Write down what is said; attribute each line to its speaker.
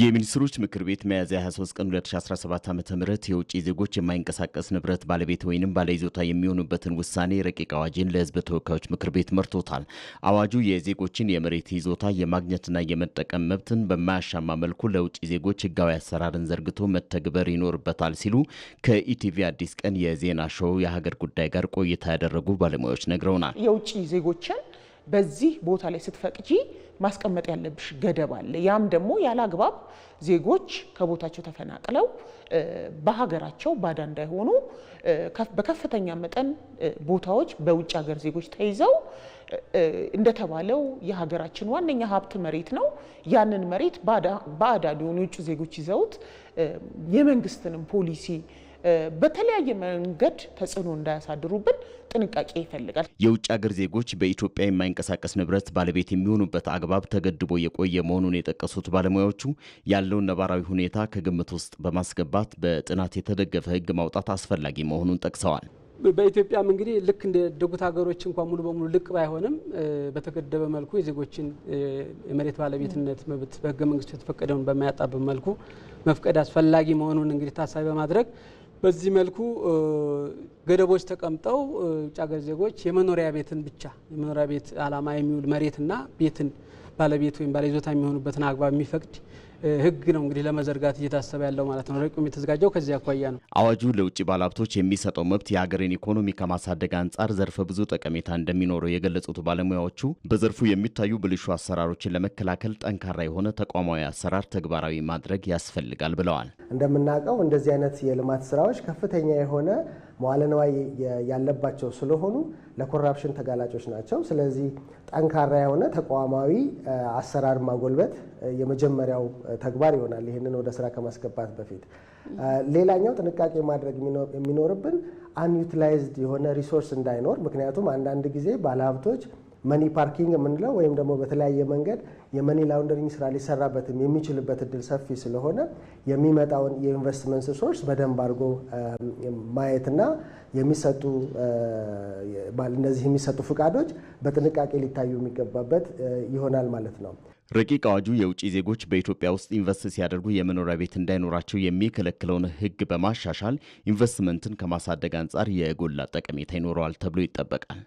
Speaker 1: የሚኒስትሮች ምክር ቤት ሚያዝያ 23 ቀን 2017 ዓ ም የውጭ ዜጎች የማይንቀሳቀስ ንብረት ባለቤት ወይንም ባለይዞታ የሚሆኑበትን ውሳኔ ረቂቅ አዋጅን ለሕዝብ ተወካዮች ምክር ቤት መርቶታል። አዋጁ የዜጎችን የመሬት ይዞታ የማግኘትና የመጠቀም መብትን በማያሻማ መልኩ ለውጭ ዜጎች ሕጋዊ አሰራርን ዘርግቶ መተግበር ይኖርበታል ሲሉ ከኢቲቪ አዲስ ቀን የዜና ሾው የሀገር ጉዳይ ጋር ቆይታ ያደረጉ ባለሙያዎች ነግረውናል።
Speaker 2: የውጭ ዜጎችን በዚህ ቦታ ላይ ስትፈቅጂ ማስቀመጥ ያለብሽ ገደብ አለ። ያም ደግሞ ያለ አግባብ ዜጎች ከቦታቸው ተፈናቅለው በሀገራቸው ባዳ እንዳይሆኑ በከፍተኛ መጠን ቦታዎች በውጭ ሀገር ዜጎች ተይዘው እንደተባለው የሀገራችን ዋነኛ ሀብት መሬት ነው። ያንን መሬት ባዕዳ የሆኑ የውጭ ዜጎች ይዘውት የመንግስትንም ፖሊሲ በተለያየ መንገድ ተጽዕኖ እንዳያሳድሩብን ጥንቃቄ ይፈልጋል።
Speaker 1: የውጭ ሀገር ዜጎች በኢትዮጵያ የማይንቀሳቀስ ንብረት ባለቤት የሚሆኑበት አግባብ ተገድቦ የቆየ መሆኑን የጠቀሱት ባለሙያዎቹ ያለውን ነባራዊ ሁኔታ ከግምት ውስጥ በማስገባት በጥናት የተደገፈ ሕግ ማውጣት አስፈላጊ መሆኑን ጠቅሰዋል።
Speaker 3: በኢትዮጵያም እንግዲህ ልክ እንደ ደጉት ሀገሮች እንኳን ሙሉ በሙሉ ልቅ ባይሆንም በተገደበ መልኩ የዜጎችን የመሬት ባለቤትነት መብት በህገ መንግስቱ የተፈቀደውን በማያጣብብ መልኩ መፍቀድ አስፈላጊ መሆኑን እንግዲህ ታሳቢ በማድረግ በዚህ መልኩ ገደቦች ተቀምጠው ውጭ ሀገር ዜጎች የመኖሪያ ቤትን ብቻ የመኖሪያ ቤት አላማ የሚውል መሬትና ቤትን ባለቤት ወይም ባለይዞታ የሚሆኑበትን አግባብ የሚፈቅድ ህግ ነው እንግዲህ ለመዘርጋት እየታሰበ ያለው ማለት ነው። ረቂቁም የተዘጋጀው ከዚህ አኳያ ነው።
Speaker 1: አዋጁ ለውጭ ባለሀብቶች የሚሰጠው መብት የሀገርን ኢኮኖሚ ከማሳደግ አንጻር ዘርፈ ብዙ ጠቀሜታ እንደሚኖረው የገለጹት ባለሙያዎቹ በዘርፉ የሚታዩ ብልሹ አሰራሮችን ለመከላከል ጠንካራ የሆነ ተቋማዊ አሰራር ተግባራዊ ማድረግ ያስፈልጋል ብለዋል።
Speaker 4: እንደምናውቀው እንደዚህ አይነት የልማት ስራዎች ከፍተኛ የሆነ መዋለ ንዋይ ያለባቸው ስለሆኑ ለኮራፕሽን ተጋላጮች ናቸው። ስለዚህ ጠንካራ የሆነ ተቋማዊ አሰራር ማጎልበት የመጀመሪያው ተግባር ይሆናል፣ ይህንን ወደ ስራ ከማስገባት በፊት። ሌላኛው ጥንቃቄ ማድረግ የሚኖርብን አንዩቲላይዝድ የሆነ ሪሶርስ እንዳይኖር፣ ምክንያቱም አንዳንድ ጊዜ ባለሀብቶች መኒ ፓርኪንግ የምንለው ወይም ደግሞ በተለያየ መንገድ የመኒ ላውንደሪንግ ስራ ሊሰራበትም የሚችልበት እድል ሰፊ ስለሆነ የሚመጣውን የኢንቨስትመንት ሶርስ በደንብ አድርጎ ማየትና የሚሰጡ እነዚህ የሚሰጡ ፍቃዶች በጥንቃቄ ሊታዩ የሚገባበት ይሆናል ማለት ነው።
Speaker 1: ረቂቅ አዋጁ የውጭ ዜጎች በኢትዮጵያ ውስጥ ኢንቨስት ሲያደርጉ የመኖሪያ ቤት እንዳይኖራቸው የሚከለክለውን ሕግ በማሻሻል ኢንቨስትመንትን ከማሳደግ አንጻር የጎላ ጠቀሜታ ይኖረዋል ተብሎ ይጠበቃል።